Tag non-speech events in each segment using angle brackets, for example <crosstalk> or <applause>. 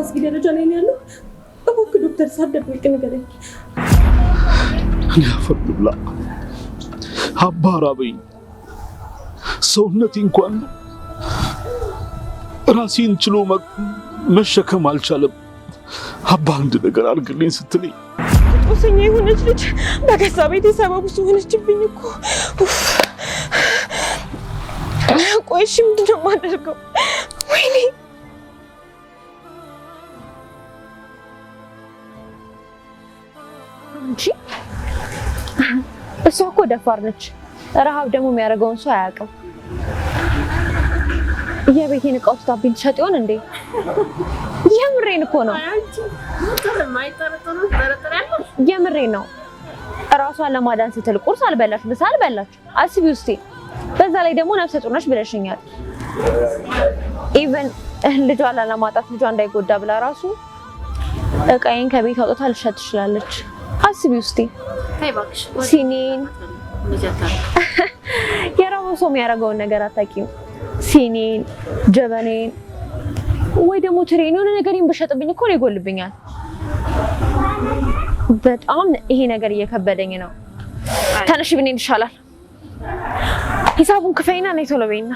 አስጊ ደረጃ ላይ ነው ያለው። እባክህ ዶክተር ሳደብቅ ንገረኝ። ያፈብላ አባራበኝ ሰውነቴ እንኳን ራሴን ችሎ መሸከም አልቻለም። አባ አንድ ነገር አድርግልኝ ስትለኝ ቁስኛ የሆነች ልጅ በገዛ ቤት የሰበቡ ውስጥ ሆነችብኝ እኮ። ቆይ እሺ ምንድን ነው የማደርገው? ወይኔ እሷ እኮ ደፋር ነች። ረሃብ ደግሞ የሚያደርገውን ሰው አያውቅም። የቤቴን እቃ ወስዳብኝ ትሸጥ ይሆን እንዴ? የምሬን እኮ ነው። የምሬን ነው። እራሷን ለማዳን ስትል ቁርስ አልበላች፣ ምሳ አልበላች። አስቢ ውስጤ። በዛ ላይ ደግሞ ነፍሰ ጡር ነች ብለሽኛል። ኢቨን ልጇን ላለማጣት ልጇ እንዳይጎዳ ብላ ራሱ እቃዬን ከቤት አውጥታ ልሸጥ ትችላለች። አስቢ ውስጤ ሲኒን የራሱ ሰው የሚያደርገውን ነገር አታውቂም። ሲኒን፣ ጀበኔን ወይ ደግሞ ትሬን የሆነ ነገሬን ብሸጥብኝ እኮ ነው ይጎልብኛል። በጣም ይሄ ነገር እየከበደኝ ነው። ተነሽ ብኔ ይሻላል። ሂሳቡን ክፈይና ነይ ቶሎ በይና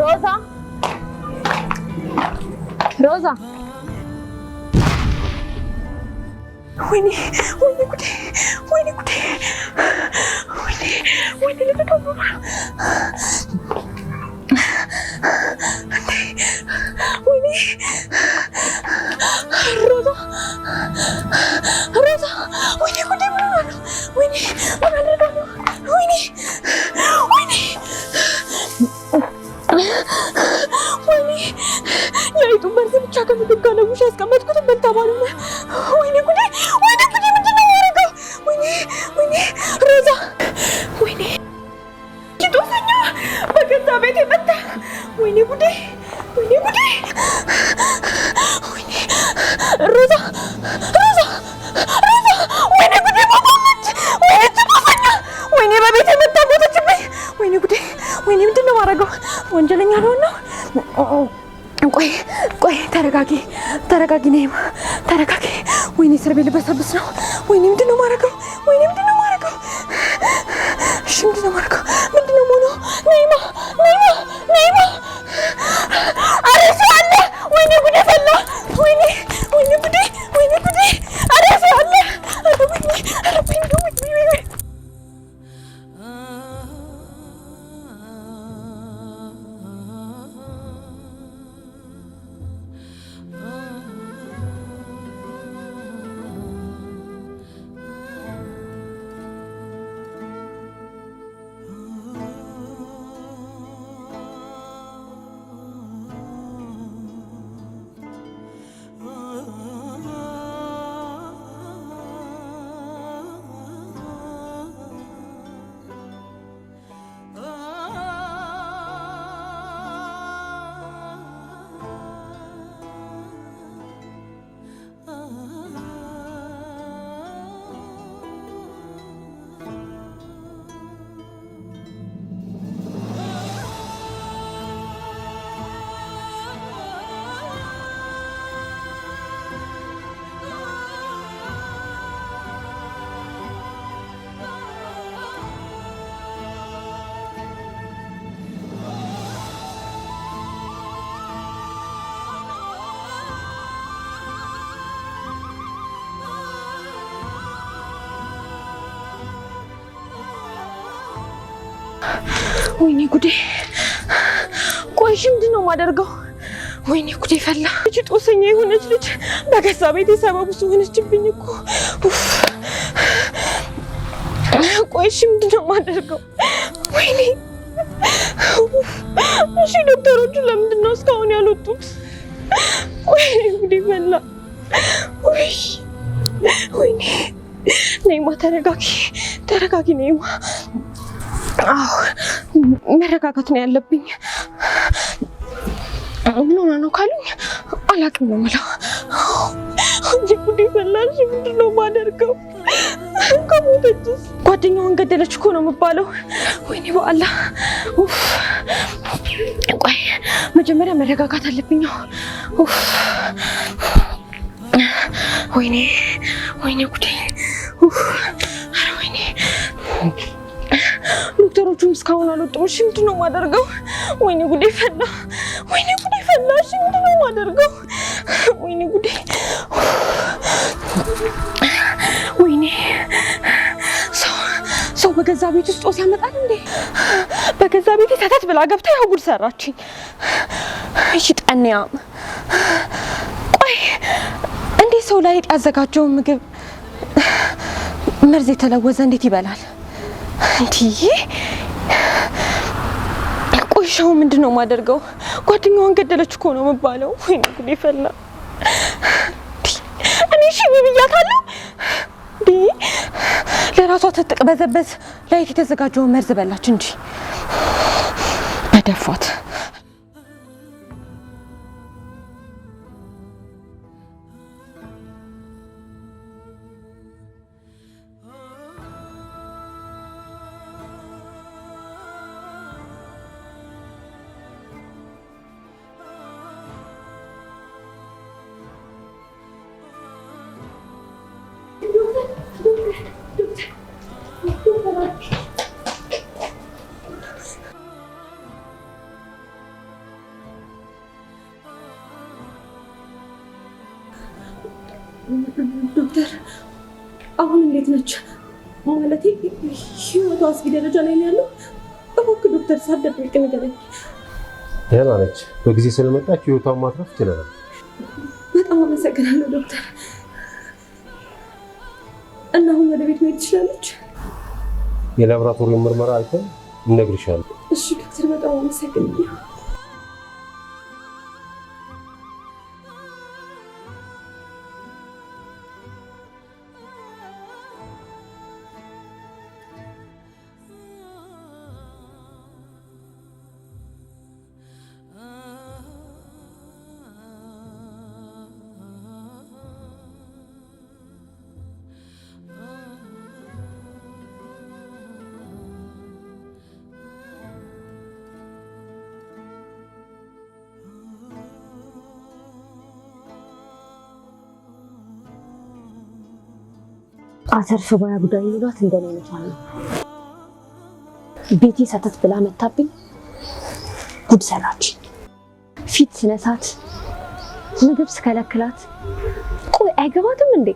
ሮዛ ሮዛ፣ ወይኔ ወይኔ ጉዴ፣ ወይኔ ጉዴ፣ ወይኔ ወይኔ፣ ሮዛ ሮዛ፣ ወይኔ ጉዴ፣ ወይኔ ብቻ ከምግብ ጋር ለውሽ ያስቀመጥኩትን በልታ ባሉነ። ወይኔ ጉዴ! ተረጋጊ ነይማ፣ ተረጋጊ። ወይኔ እስር ቤት ልበሰብስ ነው ወይኔ ጉዴ! ቆይሽ ምንድን ነው የማደርገው? ወይኔ ጉዴ ፈላ። ልጅ ጦሰኛ የሆነች ልጅ በገዛ ቤት የሰበቡ ሲሆነችብኝ ሆነችብኝ እኮ። ቆይሽ ምንድን ነው የማደርገው? ወይኔ እሺ፣ ዶክተሮቹ ለምንድን ነው እስካሁን ያልወጡት? ወይኔ ጉዴ ፈላ። ወይ ወይኔ፣ ነይማ ተረጋጊ፣ ተረጋጊ ነይማ አዎ መረጋጋት ነው ያለብኝ። ምን ሆነ ነው ካሉኝ አላቅም ነው የምለው። እንጂ ጉድ ፈላሽ ምንድን ነው የማደርገው? ከሞተች ጓደኛዋን ገደለች እኮ ነው የምባለው። ወይኔ በአላህ። ቆይ መጀመሪያ መረጋጋት አለብኝ። ወይኔ ወይኔ ጉዴ! ኧረ ወይኔ ሁላችሁም እስካሁን አልወጣሁም። እሺ ምንድን ነው የማደርገው? ወይኔ ጉዴ ፈላ፣ ወይኔ ጉዴ ፈላ። እሺ ምንድን ነው የማደርገው? ወይኔ ጉዴ፣ ወይኔ ሰው በገዛ ቤት ውስጥ ጦስ ያመጣል እንዴ? በገዛ ቤት ተተት ብላ ገብታ ያው ጉድ ሰራችኝ። እሺ ጠንያ፣ ቆይ እንዴት ሰው ላይ ያዘጋጀውን ምግብ መርዝ የተለወሰ እንዴት ይበላል? እንዲህ ቆሻው ምንድን ነው የማደርገው? ጓደኛዋን ገደለች እኮ ነው የምባለው። ወይ ጉዴ ፈላ። እኔ እሺ ብያታለሁ። ለራሷ ትጥቅ በዘበዝ ላይት የተዘጋጀውን መርዝ በላች እንጂ በደፏት። ዶክተር አሁን እንዴት ነች? ማለቴ ህይወቷ አስጊ ደረጃ ላይ ነው ያለው። እባክህ ዶክተር ሳትደብቅ ንገረኝ። ደህና ነች። በጊዜ ስለመጣች ህይወቷን ማትረፍ ችለናል። በጣም አመሰግናለሁ ዶክተር። እና አሁን ወደ ቤት መሄድ ትችላለች። የላብራቶሪ ምርመራ አይተን እነግርሻለሁ። እሺ ዶክተር፣ በጣም አመሰግናለሁ። አተርፍ ባያ ጉዳይ ይሏት እንደኔ ነው። ቤቴ ሰተት ብላ መታብኝ። ጉድ ሰራች። ፊት ስነሳት፣ ምግብ ስከለክላት፣ ቆይ አይገባትም እንዴ?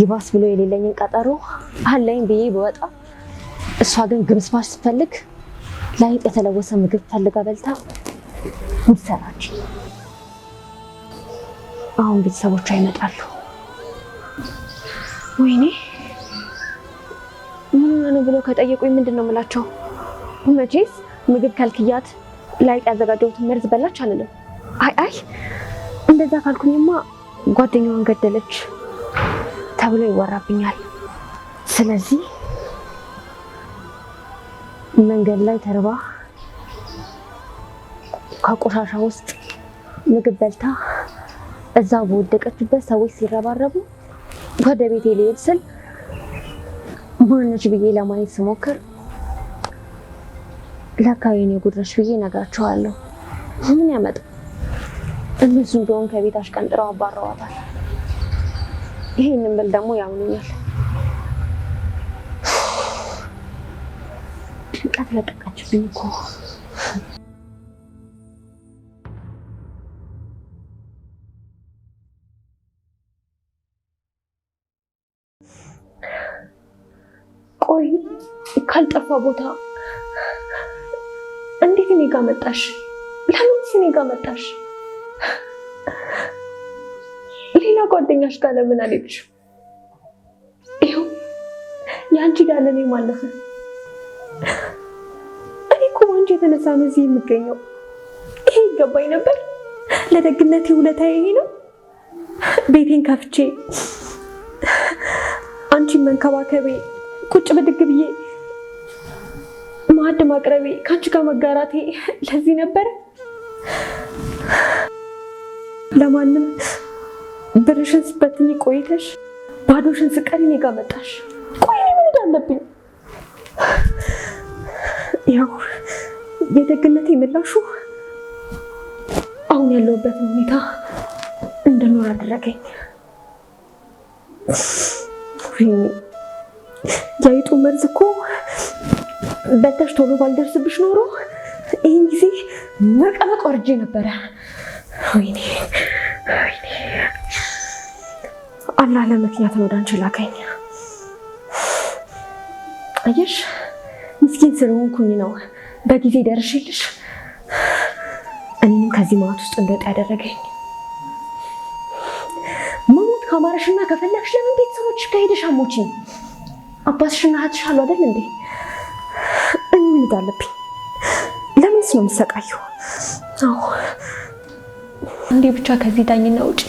ይባስ ብሎ የሌለኝን ቀጠሮ አለኝ ብዬ በወጣ እሷ ግን ግብስባሽ ስትፈልግ ላይ የተለወሰ ምግብ ፈልጋ በልታ ጉድ ሰራች። አሁን ቤተሰቦቿ ይመጣሉ። ወይኔ ምን ነው ብለው ከጠየቁኝ ምንድን ነው የምላቸው? መቼስ ምግብ ከልክያት ላይቅ ያዘጋጀሁትን መርዝ በላች አልልም። አይ አይ እንደዛ ካልኩኝማ ጓደኛዋን ገደለች ተብሎ ይወራብኛል። ስለዚህ መንገድ ላይ ተርባ ከቆሻሻ ውስጥ ምግብ በልታ እዛ በወደቀችበት ሰዎች ሲረባረቡ ወደ ቤቴ ልሄድ ስል ጉድነሽ ብዬ ለማየት ስሞክር ለካ የኔ ጉድነሽ ብዬ ነግራችኋለሁ። ምን ያመጣ እነሱ እንደሆን ከቤት አሽቀንጥረው አባረዋታል። ይሄንን ብል ደግሞ ያምኑኛል። ቀት ለቀቃችብኝ እኮ ጠፋ ቦታ እንዴት እኔ ጋር መጣሽ? ለምንስ እኔ ጋር መጣሽ? ሌላ ጓደኛሽ ጋር ለምን አልሄድሽ? ይኸው የአንቺ ጋር ለእኔ ማለፈ። እኔ እኮ አንቺ የተነሳ ነው እዚህ የምገኘው። ይሄ ይገባኝ ነበር። ለደግነት ውለታ ይሄ ነው። ቤቴን ከፍቼ አንቺን መንከባከቤ ቁጭ ብድግ ብዬ ማዕድ ማቅረቤ ከአንቺ ጋር መጋራቴ ለዚህ ነበረ። ለማንም ብርሽን ስበትኝ ቆይተሽ ባዶሽን ስቀሪ እኔ ጋር መጣሽ። ቆይ እኔ ምን አለብኝ? ያው የደግነት የምላሹ አሁን ያለሁበትን ሁኔታ እንድኖር አደረገኝ። የአይጡ መርዝ እኮ በተሽ ቶሎ ባልደርስብሽ ኖሮ ይህን ጊዜ መቀመቅ ወርጄ ነበረ። ወይኔ ወይኔ፣ አላህ ለምክንያት ነው ወደ አንቺ ላከኝ። አየሽ ምስኪን ስለሆንኩኝ ነው በጊዜ ደርሽልሽ እኔም ከዚህ ማት ውስጥ እንደወጣ ያደረገኝ። መሞት ከአማረሽና ከፈለግሽ ለምን ቤተሰቦች ከሄደሽ አሞችኝ አባትሽና እህትሽ አሉ አይደል እንዴ? መሄድ አለብኝ። ለምንስ ነው የምሰቃየው? እንዴ፣ ብቻ ከዚህ ዳኝና ውጪ።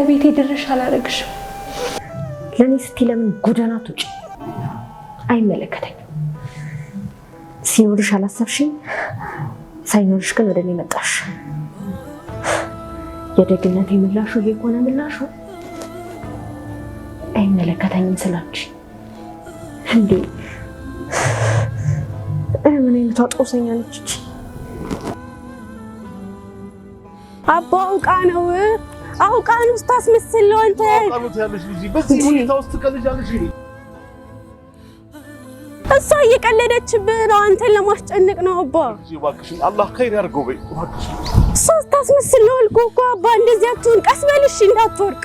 እቤቴ ድርሽ አላደርግሽም። ለእኔ ስቲ ለምን ጎዳናት ውጭ አይመለከተኝም። ሲኖርሽ አላሰብሽኝ፣ ሳይኖርሽ ግን ወደ እኔ መጣሽ። የደግነት የምላሹ ይሄ ከሆነ ምላሹ አይመለከተኝም ስላች እንዴ ምን አይነቷ ጦሰኛ ነች። አቦ አውቃ ነው አውቃ ነው ስታስመስል ነው አንተ እሷ እየቀለደችብህ ነው፣ አንተን ለማስጨነቅ ነው። አባ አላህ ያድርገው በይ። እሷ ስታስመስል ነው አልኩህ እኮ አባ። እንደዚህ አትሁን፣ ቀስ በልሽ እንዳትወርቅ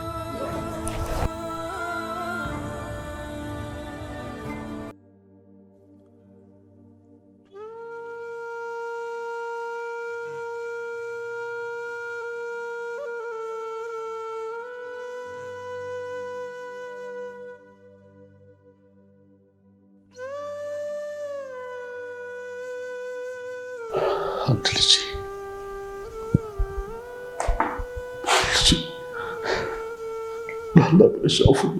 ሰው ሁሉ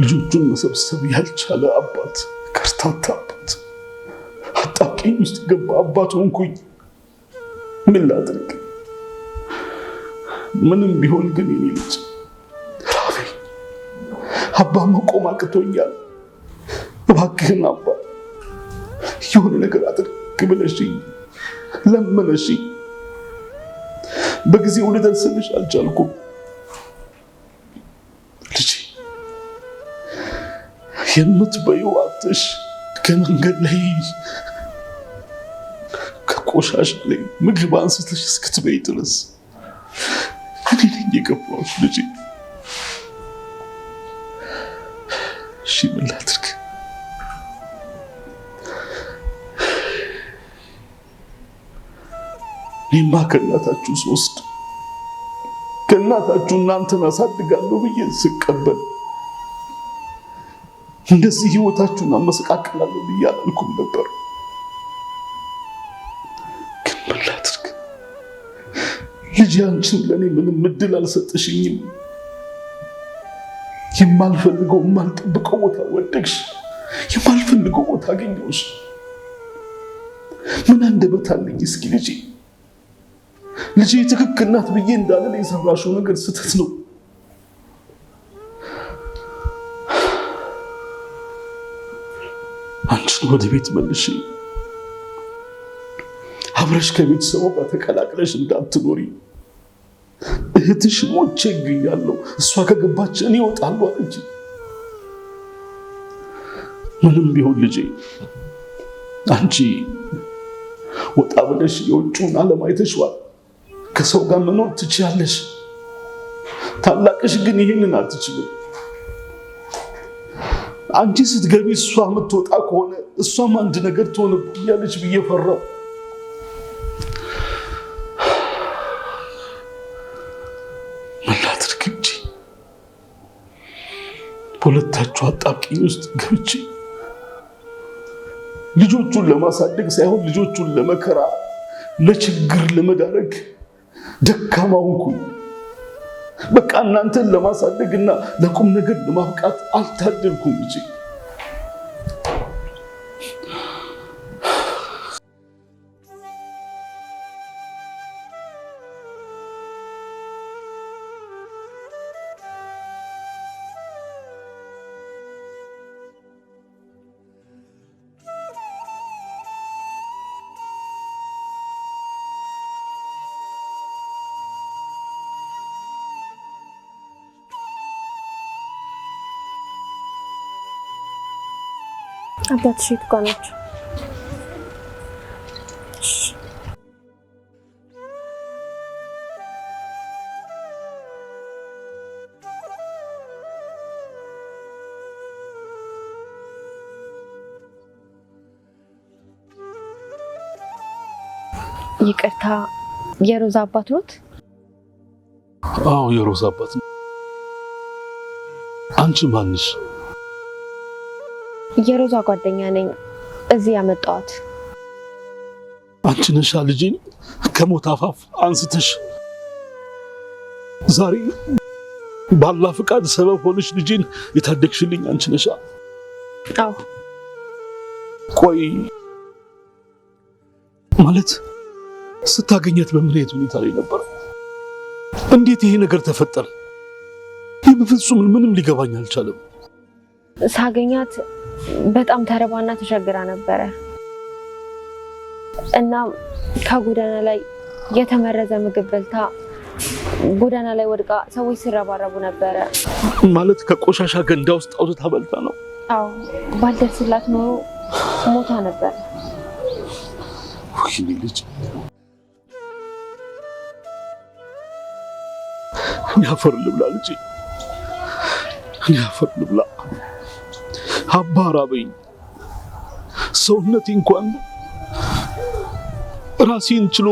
ልጆቹን መሰብሰብ ያልቻለ አባት፣ ከርታታ አባት፣ አጣብቂኝ ውስጥ ገባ አባት ሆንኩኝ። ምን ላድርግ? ምንም ቢሆን ግን የኔ ልጅ ራፌ አባ መቆም አቅቶኛል። እባክህን አባ የሆነ ነገር አድርግ ብለሽኝ ለመነሽኝ በጊዜው ልደርስልሽ አልቻልኩም። ልጅ የምትበይው ከመንገድ ላይ ከቆሻሻ ላይ ምግብ አንስተሽ እስክትበይ ድረስ እኔ ነኝ የገባሁት ልጅ። እሺ ምን ላድርግ? እኔማ ከእናታችሁ ሶስት ከእናታችሁ እናንተን አሳድጋለሁ ብዬ ስቀበል እንደዚህ ህይወታችሁን አመሰቃቅላለሁ ብዬ አላልኩም ነበር። ግን ምን ላድርግ ልጅ፣ አንቺን ለእኔ ምንም እድል አልሰጠሽኝም። የማልፈልገው የማልጠብቀው ቦታ ወደግሽ የማልፈልገው ቦታ አገኘሁሽ። ምን አንደበት አለኝ እስኪ ልጄ ልጅ ትክክል ናት ብዬ እንዳለ የሰራሽው ነገር ስህተት ነው። አንቺን ወደ ቤት መልሽ አብረሽ ከቤተሰቡ ጋር ተቀላቅለሽ እንዳትኖሪ እህትሽ ሞቼ ይገኛለሁ እሷ ከገባች እኔ እወጣለሁ አለች። ምንም ቢሆን ልጄ አንቺ ወጣ ብለሽ የውጭውን አለማይተሽዋል ከሰው ጋር መኖር ትችያለሽ። ታላቅሽ ግን ይህንን አትችልም። አንቺ ስትገቢ እሷ የምትወጣ ከሆነ እሷም አንድ ነገር ትሆንብኛለች ብዬ ፈራው። ምን ላድርግ እንጂ በሁለታችሁ አጣብቂኝ ውስጥ ገብቼ ልጆቹን ለማሳደግ ሳይሆን ልጆቹን ለመከራ ለችግር ለመዳረግ ደካማውንኩኝ በቃ እናንተን ለማሳደግና ለቁም ነገር ለማብቃት አልታደልኩም እጅግ አባትሽ የት ጋ ናቸው? ይቅርታ፣ የሮዛ አባት ኖት? አዎ፣ የሮዛ አባት ነው። አንቺ ማንሽ? የሮዛ ጓደኛ ነኝ። እዚህ ያመጣዋት አንቺ ነሻ። ልጄን ከሞት አፋፍ አንስተሽ ዛሬ ባላ ፍቃድ ሰበብ ሆነሽ ልጄን የታደግሽልኝ አንቺ ነሻ። አዎ። ቆይ ማለት ስታገኘት በምንሄድ ሁኔታ ላይ ነበር? እንዴት ይሄ ነገር ተፈጠረ? ይህ በፍጹም ምንም ሊገባኝ አልቻለም። ሳገኛት በጣም ተርባና ተቸግራ ነበረ እና ከጎዳና ላይ የተመረዘ ምግብ በልታ ጎዳና ላይ ወድቃ ሰዎች ሲረባረቡ ነበረ። ማለት ከቆሻሻ ገንዳ ውስጥ አውጥታ በልታ ነው? አዎ፣ ባልደርስላት ኖሮ ሞታ ነበር። ልጅ ልብላ፣ ልጅ ያፈር ልብላ። አባራበኝ። ሰውነቴ እንኳን ራሴን ችሎ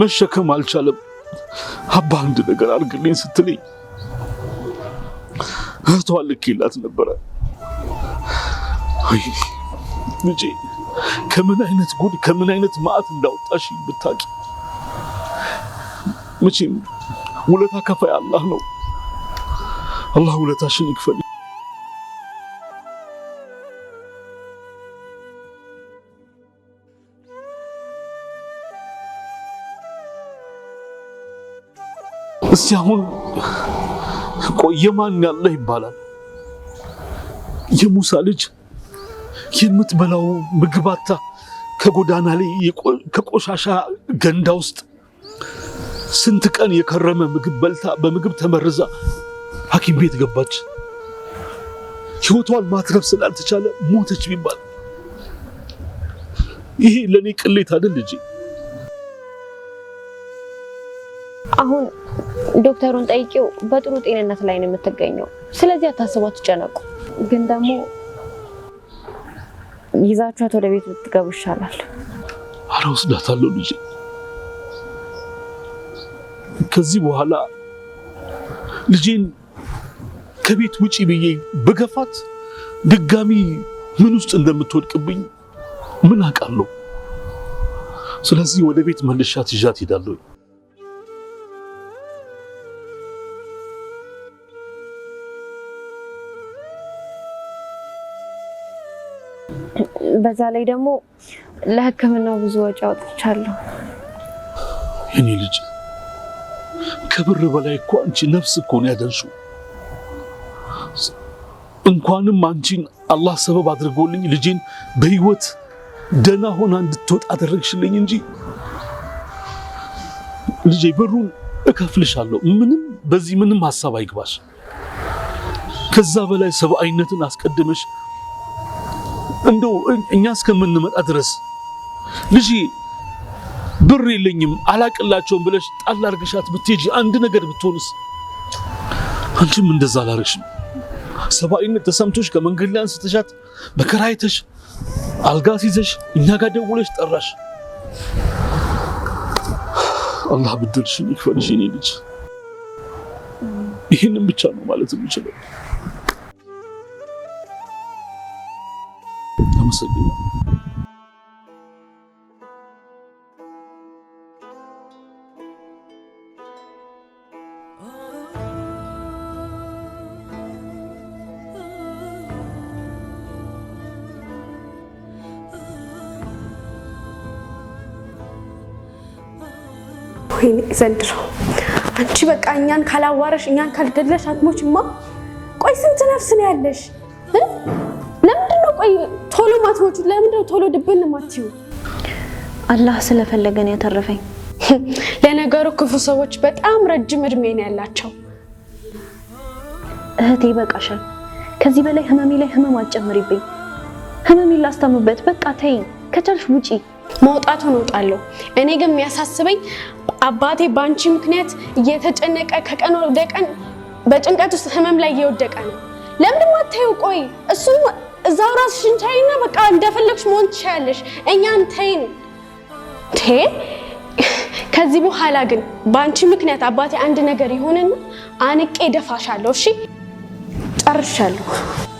መሸከም አልቻለም። አባ አንድ ነገር አድርግልኝ ስትለኝ እህቷ ልኬላት ነበረ። አይ ልጄ ከምን አይነት ጉድ ከምን አይነት መዓት እንዳወጣሽ ብታቂ። መቼም ውለታ ከፋይ አላህ ነው። አላህ ውለታሽን ይክፈል። እስቲ አሁን ቆየ ማን ያለ ይባላል። የሙሳ ልጅ የምትበላው ምግባታ ከጎዳና ላይ ከቆሻሻ ገንዳ ውስጥ ስንት ቀን የከረመ ምግብ በልታ በምግብ ተመርዛ ሐኪም ቤት ገባች። ሕይወቷን ማትረፍ ስላልተቻለ ሞተች ቢባል ይሄ ለእኔ ቅሌት አይደል? ልጄ አሁን ዶክተሩን ጠይቄው በጥሩ ጤንነት ላይ ነው የምትገኘው። ስለዚህ አታስቧ፣ ትጨነቁ። ግን ደግሞ ይዛችኋት ወደ ቤት ብትገቡ ይሻላል። አረ ወስዳታለሁ ልጅ? ከዚህ በኋላ ልጄን ከቤት ውጪ ብዬ በገፋት ድጋሚ ምን ውስጥ እንደምትወድቅብኝ ምን አውቃለሁ። ስለዚህ ወደ ቤት መልሻት ይዣት ሄዳለሁ። በዛ ላይ ደግሞ ለሕክምናው ብዙ ወጪ አውጥቻለሁ። የኔ ልጅ ከብር በላይ እኮ አንቺ ነፍስ እኮ ነው እንኳንም አንቺን አላህ ሰበብ አድርጎልኝ ልጄን በህይወት ደህና ሆና እንድትወጣ አደረግሽልኝ እንጂ ልጄ ብሩን እከፍልሻለሁ። ምንም በዚህ ምንም ሀሳብ አይግባሽ። ከዛ በላይ ሰብአዊነትን አስቀድመሽ እንደው እኛ እስከምንመጣ ድረስ ልጅ ብር የለኝም አላቅላቸውም ብለሽ ጣል አድርገሻት ብትሄጂ አንድ ነገር ብትሆንስ? አንቺም እንደዛ አላረግሽም። ሰብአዊነት ተሰምቶሽ ከመንገድ ላይ አንስተሻት በከራይተሽ አልጋ ሲዘሽ እኛ ጋር ደውለሽ ጠራሽ። አላህ ብድርሽን ይክፈልሽ የኔ ልጅ። ይህንን ብቻ ነው ማለት የምችለው። አመሰግናለሁ። ወይኔ ዘንድሮ አንቺ በቃ እኛን ካላዋረሽ እኛን ካልገለሽ አትሞችማ። ቆይ ስንት ነፍስ ነው ያለሽ? ለምንድን ነው ቆይ ቶሎ ማትሞቹት ለምንድነው ቶሎ ድብን ማትዩ? አላህ ስለፈለገን ያተረፈኝ። <laughs> ለነገሩ ክፉ ሰዎች በጣም ረጅም እድሜ ነው ያላቸው። እህቴ ይበቃሻል። ከዚህ በላይ ህመሜ ላይ ህመም አትጨምሪብኝ። ህመሜን ላስተምበት። በቃ ተይ። ከቻልሽ ውጪ። መውጣቱን እወጣለሁ። እኔ ግን የሚያሳስበኝ አባቴ በአንቺ ምክንያት እየተጨነቀ ከቀን ወደ ቀን በጭንቀት ውስጥ ህመም ላይ እየወደቀ ነው። ለምንድን ማታየው? ቆይ እሱም እዛው ራስሽን ቻይና፣ በቃ እንደፈለግሽ መሆን ትችያለሽ። እኛን ተይን። ከዚህ በኋላ ግን በአንቺ ምክንያት አባቴ አንድ ነገር ይሆንና አንቄ ደፋሻለሁ። እሺ፣ ጨርሻለሁ።